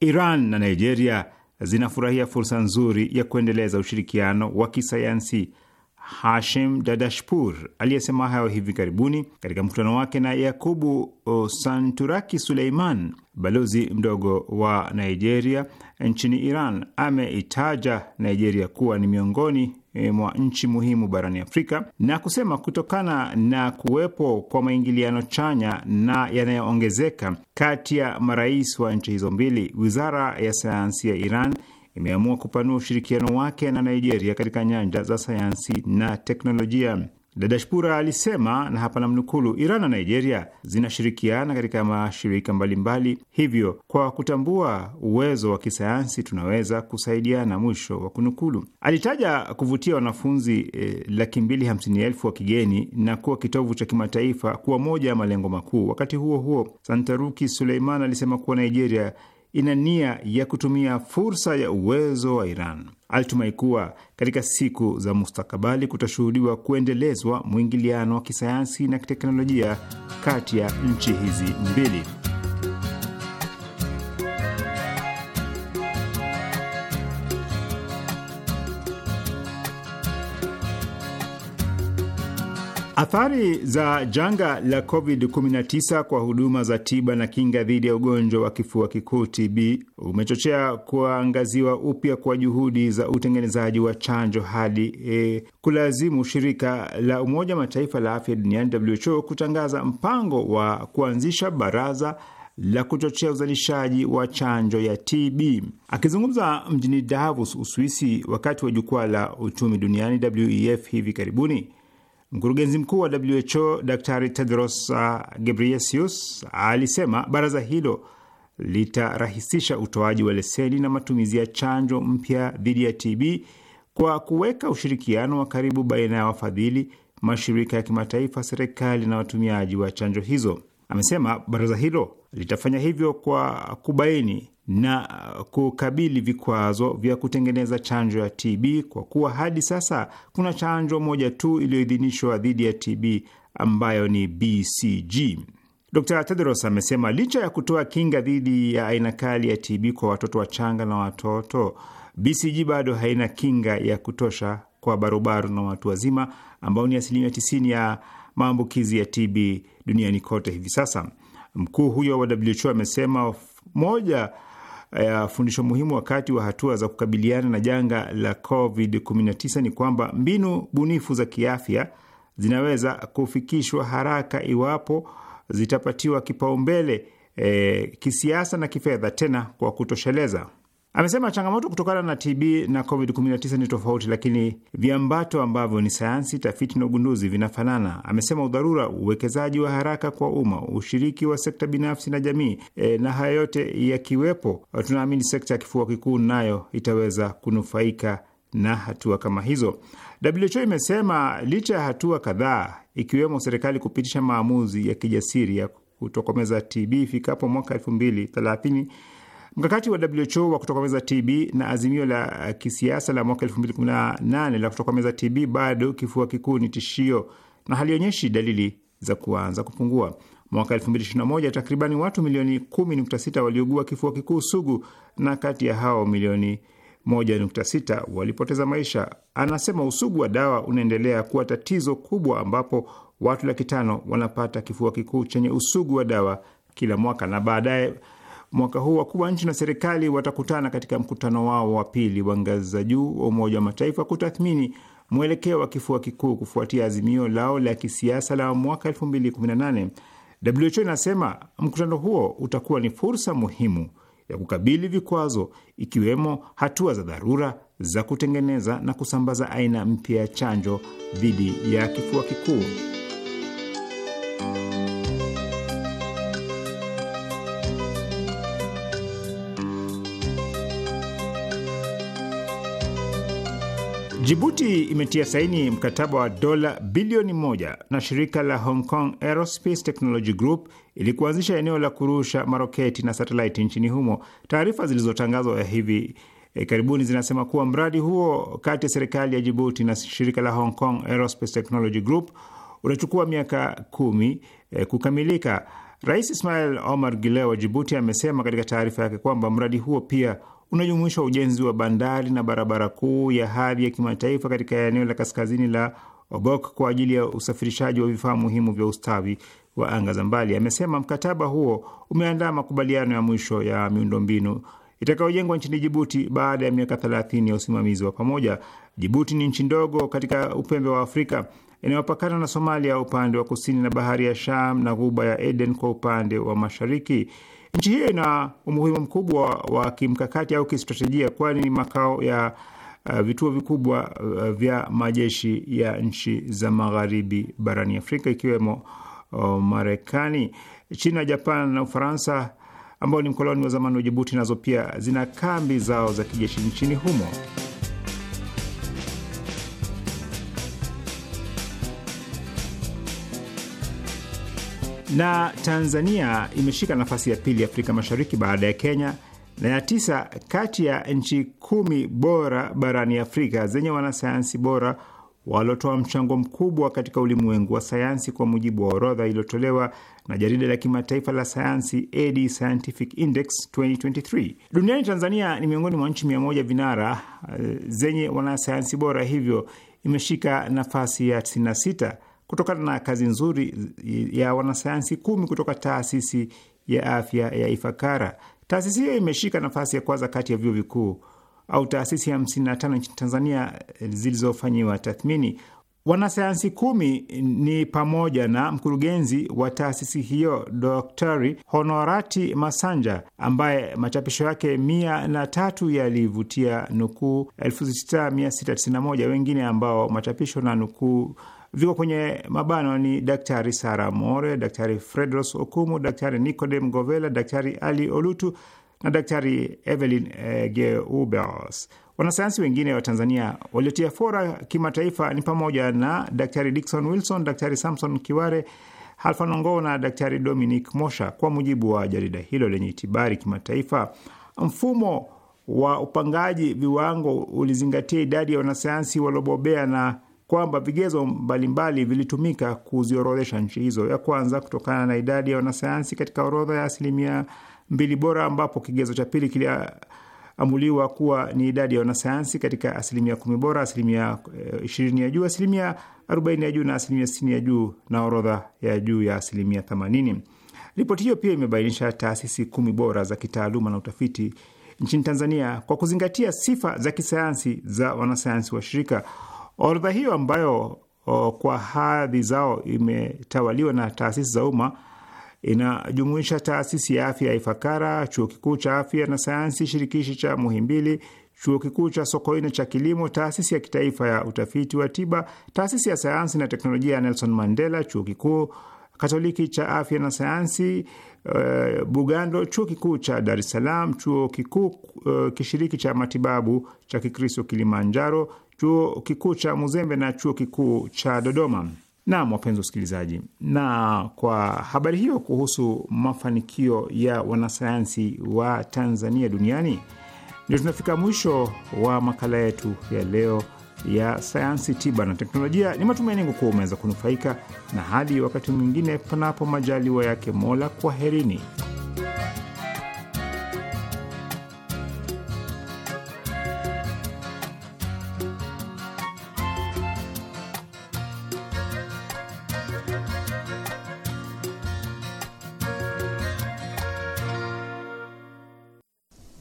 Speaker 2: Iran na Nigeria zinafurahia fursa nzuri ya kuendeleza ushirikiano wa kisayansi. Hashim Dadashpur aliyesema hayo hivi karibuni katika mkutano wake na Yakubu Santuraki Suleiman, balozi mdogo wa Nigeria nchini Iran, ameitaja Nigeria kuwa ni miongoni e, mwa nchi muhimu barani Afrika na kusema kutokana na kuwepo kwa maingiliano chanya na yanayoongezeka kati ya marais wa nchi hizo mbili, wizara ya sayansi ya Iran imeamua kupanua ushirikiano wake na Nigeria katika nyanja za sayansi na teknolojia. Dada Shpura alisema, na hapa namnukulu, Iran na Nigeria zinashirikiana katika mashirika mbalimbali, hivyo kwa kutambua uwezo wa kisayansi tunaweza kusaidiana, mwisho wa kunukulu. Alitaja kuvutia wanafunzi eh, laki mbili hamsini elfu wa kigeni na kuwa kitovu cha kimataifa kuwa moja ya malengo makuu. Wakati huo huo, Santaruki Suleiman alisema kuwa Nigeria ina nia ya kutumia fursa ya uwezo wa Iran. Alitumai kuwa katika siku za mustakabali kutashuhudiwa kuendelezwa mwingiliano wa kisayansi na kiteknolojia kati ya nchi hizi mbili. Athari za janga la COVID-19 kwa huduma za tiba na kinga dhidi ya ugonjwa wa kifua kikuu TB umechochea kuangaziwa upya kwa juhudi za utengenezaji wa chanjo hadi e, kulazimu shirika la Umoja Mataifa la afya duniani WHO kutangaza mpango wa kuanzisha baraza la kuchochea uzalishaji wa chanjo ya TB. Akizungumza mjini Davos, Uswisi, wakati wa jukwaa la uchumi duniani WEF hivi karibuni Mkurugenzi mkuu wa WHO Daktari Tedros uh, Ghebreyesus alisema baraza hilo litarahisisha utoaji wa leseni na matumizi ya chanjo mpya dhidi ya TB kwa kuweka ushirikiano wa karibu baina ya wafadhili, mashirika ya kimataifa, serikali na watumiaji wa chanjo hizo. Amesema baraza hilo litafanya hivyo kwa kubaini na kukabili vikwazo vya kutengeneza chanjo ya TB kwa kuwa hadi sasa kuna chanjo moja tu iliyoidhinishwa dhidi ya TB ambayo ni BCG. Dr. Tedros amesema licha ya kutoa kinga dhidi ya aina kali ya TB kwa watoto wachanga na watoto, BCG bado haina kinga ya kutosha kwa barubaru na watu wazima ambao ni asilimia 90 ya maambukizi ya TB duniani kote hivi sasa. Mkuu huyo wa WHO amesema moja ya fundisho muhimu wakati wa hatua za kukabiliana na janga la COVID-19 ni kwamba mbinu bunifu za kiafya zinaweza kufikishwa haraka iwapo zitapatiwa kipaumbele e, kisiasa na kifedha, tena kwa kutosheleza. Amesema changamoto kutokana na TB na COVID-19 ni tofauti, lakini viambato ambavyo ni sayansi, tafiti na ugunduzi vinafanana. Amesema udharura, uwekezaji wa haraka kwa umma, ushiriki wa sekta binafsi na jamii e, na haya yote yakiwepo, tunaamini sekta ya kifua kikuu nayo itaweza kunufaika na hatua kama hizo. WHO imesema licha ya hatua kadhaa, ikiwemo serikali kupitisha maamuzi ya kijasiri ya kutokomeza TB ifikapo mwaka elfu mbili thelathini Mkakati wa WHO wa kutokomeza TB na azimio la uh, kisiasa la mwaka 2018 la kutokomeza TB, bado kifua kikuu ni tishio na halionyeshi dalili za kuanza kupungua. Mwaka 2021 takribani watu milioni 10.6 waliugua kifua kikuu sugu na kati ya hao milioni 1.6 walipoteza maisha. Anasema usugu wa dawa unaendelea kuwa tatizo kubwa, ambapo watu laki tano wanapata kifua kikuu chenye usugu wa dawa kila mwaka na baadaye mwaka huu wakuu wa nchi na serikali watakutana katika mkutano wao wa pili wa ngazi za juu wa Umoja wa Mataifa kutathmini mwelekeo wa kifua kikuu kufuatia azimio lao la kisiasa la mwaka 2018. WHO inasema mkutano huo utakuwa ni fursa muhimu ya kukabili vikwazo, ikiwemo hatua za dharura za kutengeneza na kusambaza aina mpya ya chanjo dhidi ya kifua kikuu. Jibuti imetia saini mkataba wa dola bilioni moja na shirika la Hong Kong Aerospace Technology Group ili kuanzisha eneo la kurusha maroketi na satelaiti nchini humo. Taarifa zilizotangazwa hivi E, karibuni zinasema kuwa mradi huo kati ya serikali ya Jibuti na shirika la Hong Kong Aerospace Technology Group unachukua miaka kumi e, kukamilika. Rais Ismail Omar gile wa Jibuti amesema katika taarifa yake kwamba mradi huo pia unajumuisha ujenzi wa bandari na barabara kuu ya hadhi ya kimataifa katika eneo la kaskazini la Obok kwa ajili ya usafirishaji wa vifaa muhimu vya ustawi wa anga za mbali. Amesema mkataba huo umeandaa makubaliano ya mwisho ya miundombinu itakayojengwa nchini Jibuti baada ya miaka thelathini ya usimamizi wa pamoja. Jibuti ni nchi ndogo katika upembe wa Afrika inayopakana na Somalia upande wa kusini na bahari ya Sham na ghuba ya Eden kwa upande wa mashariki. Nchi hiyo ina umuhimu mkubwa wa kimkakati au kistratejia, kwani ni makao ya uh, vituo vikubwa uh, vya majeshi ya nchi za magharibi barani Afrika ikiwemo uh, Marekani, China, Japan na Ufaransa ambao ni mkoloni wa zamani wa Jibuti, nazo pia zina kambi zao za kijeshi nchini humo. na Tanzania imeshika nafasi ya pili Afrika Mashariki baada ya Kenya na ya tisa kati ya nchi kumi bora barani Afrika zenye wanasayansi bora waliotoa mchango mkubwa katika ulimwengu wa sayansi kwa mujibu wa orodha iliyotolewa na jarida la kimataifa la sayansi AD Scientific Index 2023. Duniani, Tanzania ni miongoni mwa nchi mia moja vinara eh, zenye wanasayansi bora, hivyo imeshika nafasi ya 96 kutokana na kazi nzuri ya wanasayansi kumi kutoka taasisi ya afya ya Ifakara. Taasisi hiyo imeshika nafasi ya kwanza kati ya vyuo vikuu au taasisi 55 nchini Tanzania eh, zilizofanyiwa tathmini. Wanasayansi kumi ni pamoja na mkurugenzi wa taasisi hiyo Daktari Honorati Masanja ambaye machapisho yake mia na tatu yalivutia nukuu 6691. Wengine ambao machapisho na nukuu viko kwenye mabano ni Daktari Sara More, Daktari Fredros Okumu, Daktari Nicodem Govela, Daktari Ali Olutu na Daktari Evelyn eh, Geubels. Wanasayansi wengine wa Tanzania waliotia fora kimataifa ni pamoja na Daktari Dikson Wilson, Daktari Samson Kiware, Halfan Ongoo na Daktari Dominic Mosha. Kwa mujibu wa jarida hilo lenye itibari kimataifa, mfumo wa upangaji viwango ulizingatia idadi ya wanasayansi waliobobea na kwamba vigezo mbalimbali vilitumika kuziorodhesha nchi hizo. Ya kwanza kutokana na idadi ya wanasayansi katika orodha ya asilimia mbili bora, ambapo kigezo cha pili kiliamuliwa kuwa ni idadi ya wanasayansi katika asilimia kumi bora, asilimia eh, ishirini ya juu, asilimia arobaini ya juu na asilimia sitini ya juu, na orodha ya juu ya asilimia themanini. Ripoti hiyo pia imebainisha taasisi kumi bora za kitaaluma na utafiti nchini Tanzania kwa kuzingatia sifa za kisayansi za wanasayansi wa shirika. Orodha hiyo ambayo o, kwa hadhi zao imetawaliwa na taasisi za umma inajumuisha taasisi ya afya ya Ifakara, chuo kikuu cha afya na sayansi shirikishi cha Muhimbili, chuo kikuu cha Sokoine cha kilimo, taasisi ya kitaifa ya utafiti wa tiba, taasisi ya sayansi na teknolojia ya Nelson Mandela, chuo kikuu Katoliki cha afya na sayansi uh, Bugando, chuo kikuu cha Dar es Salaam, chuo kikuu uh, kishiriki cha matibabu cha Kikristo Kilimanjaro, chuo kikuu cha Muzembe na chuo kikuu cha Dodoma. Naam, wapenzi wasikilizaji, na kwa habari hiyo kuhusu mafanikio ya wanasayansi wa Tanzania duniani, ndio tunafika mwisho wa makala yetu ya leo ya sayansi, tiba na teknolojia. Ni matumaini yangu kuwa umeweza kunufaika, na hadi wakati mwingine, panapo majaliwa yake Mola, kwaherini.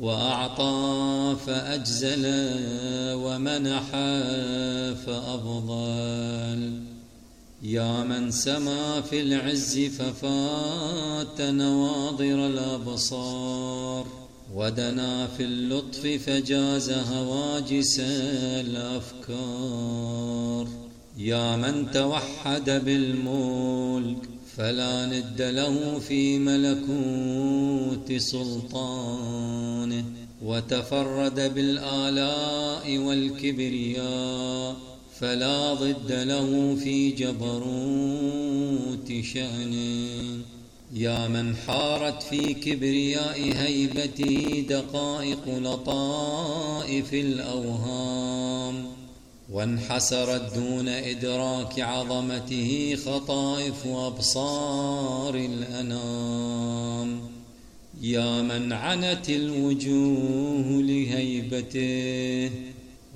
Speaker 6: وأعطى فأجزل ومنح فأفضل يا من سما في العز ففات نواضر الأبصار ودنا في اللطف فجاز هواجس الأفكار يا من توحد بالملك فلا ند له في ملكوت قوت سلطانه وتفرد بالآلاء والكبرياء فلا ضد له في جبروت شأنه يا من حارت في كبرياء هيبته دقائق لطائف الأوهام وانحسرت دون إدراك عظمته خطائف أبصار الأنام يا من عنت الوجوه لهيبته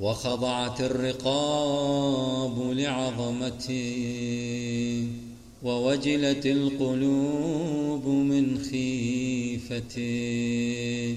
Speaker 6: وخضعت الرقاب لعظمته ووجلت القلوب من خيفته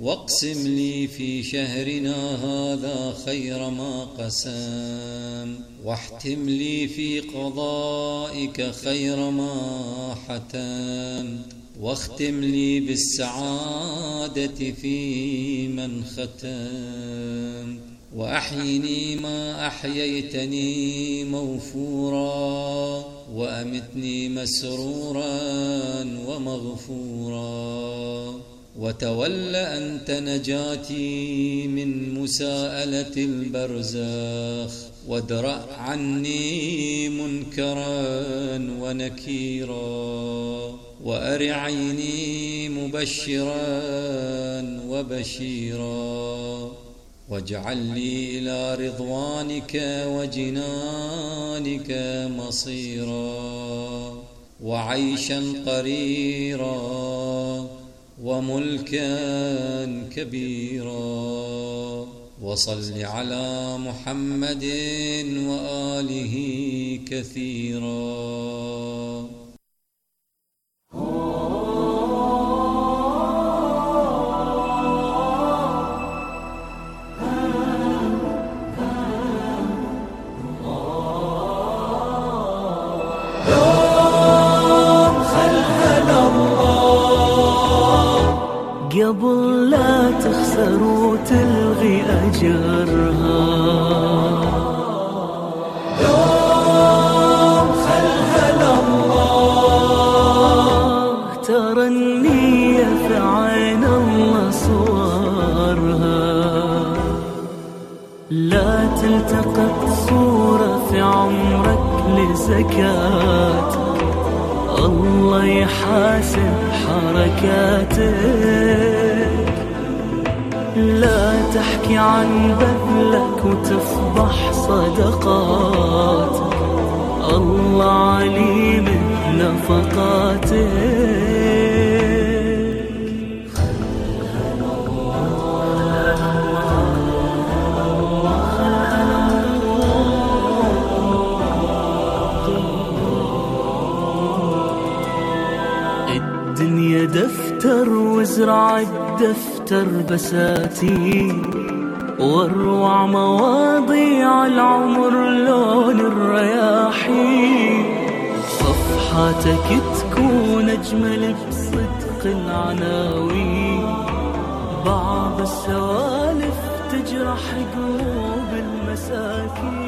Speaker 6: واقسم لي في شهرنا هذا خير ما قسم واحتم لي في قضائك خير ما حتم واختم لي بالسعادة في من ختم وأحيني ما أحييتني موفورا وأمتني مسرورا ومغفورا وتول أنت نجاتي من مساءلة البرزاخ وادرأ عني منكرا ونكيرا وارعيني عيني مبشرا وبشيرا واجعل لي إلى رضوانك وجنانك مصيرا وعيشا قريرا وملكا كبيرا وصل على محمد واله كثيرا
Speaker 7: قبل لا تخسر وتلغي أجرها دوم خلها لله ترى النية في عين الله صورها لا تلتقط صورة في عمرك لزكاة الله يحاسب حركاتك لا تحكي عن بذلك وتفضح صدقاتك الله عليم نفقاتك الدنيا دفتر وزرع الدفتر بساتي واروع مواضيع العمر لون الرياحي صفحاتك تكون اجمل بصدق العناوين بعض السوالف تجرح قلوب المساكين